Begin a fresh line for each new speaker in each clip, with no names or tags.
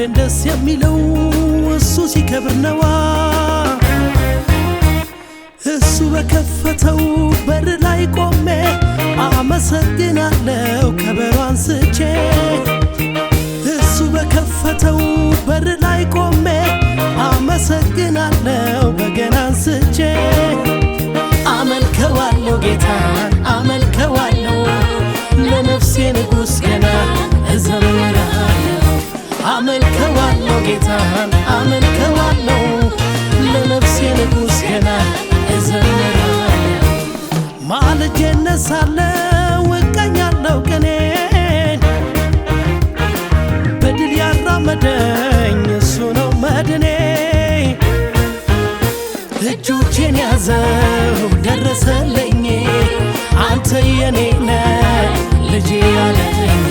ልቤን ደስ የሚለው እሱ ሲከብር ነዋ እሱ በከፈተው በር ላይ ቆሜ አመሰግናለው ከበሮ አንስቼ እሱ በከፈተው በር ላይ ቆሜ አመሰግናለው በገና አንስቼ አመልከዋለው ጌታን ማልጄ እነሳለው እቃኛለው ቀኔን በድል ያራመደኝ እሱ ነው መድኔ እጆቼን ያዘው ደረሰለኝ አንተ የኔ ነህ ልጄ ያለኝ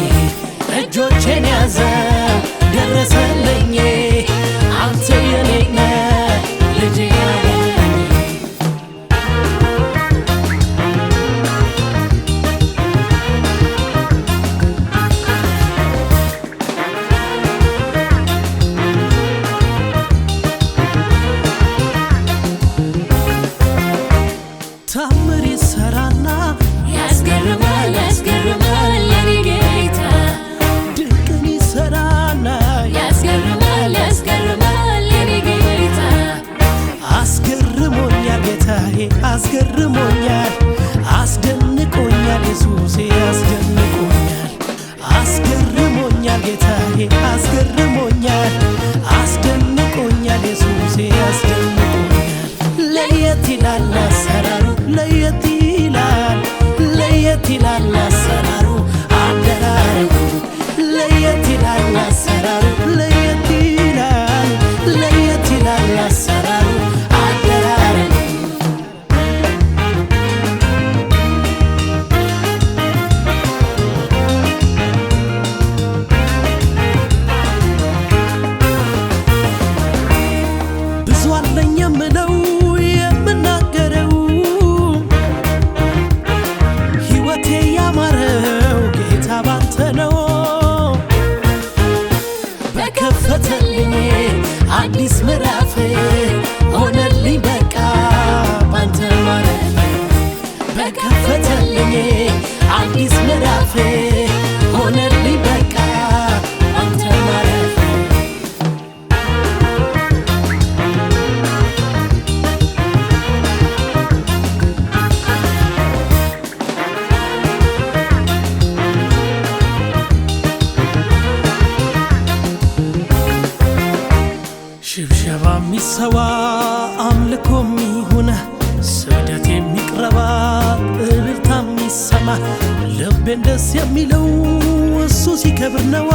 እጆቼን ያዘው ደረሰለኝ አስገርሞኛል፣ አስደንቆኛል፣ ኢየሱሴ አስደንቆኛል፣ አስገርሞኛል፣ ጌታዬ አስገርሞኛል፣ አስደንቆኛል፣ ኢየሱሴ አስደንቆኛል። ለየት ይላል አሰራሩ ለየት ይላል ለየት ይላል አለኝ የምለው የምናገረው ሕይወቴ ያማረው ጌታ ባንተ ነው አዲስ በቃ አዲስ ምዕራፍ ሆነልኝ በቃ ሰዋ አምልኮ ይሁነ ስግደት የሚቅረባ እልልታ የሚሰማ ልቤን ደስ የሚለው እሱ ሲከብር ነዋ።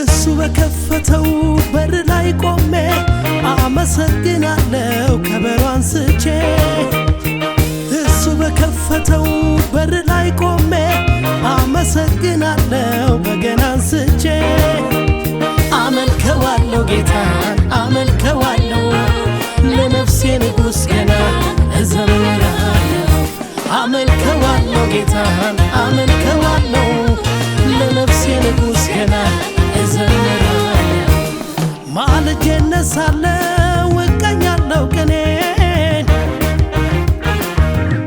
እሱ በከፈተው በር ላይ ቆሜ አመሰግናለ ምስገና እዘምራለሁ፣ አመልከዋለሁ ጌታን አመልከዋለሁ፣ ለነፍሴ ምስገና እዘምራለሁ። ማልጄ እነሳለሁ፣ እቃኛለሁ ቀኔን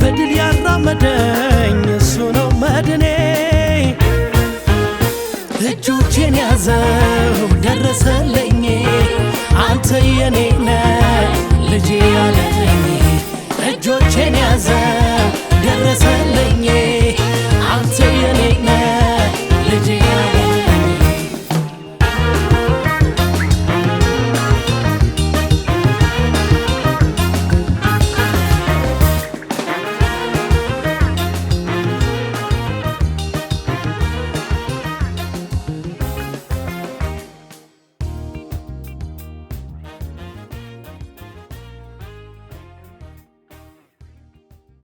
በድል ያራመደኝ እሱ ነው መድኔ። እጆቼን ያዘው ደረሰልኝ አንተ የኔ ነህ ልጄ razem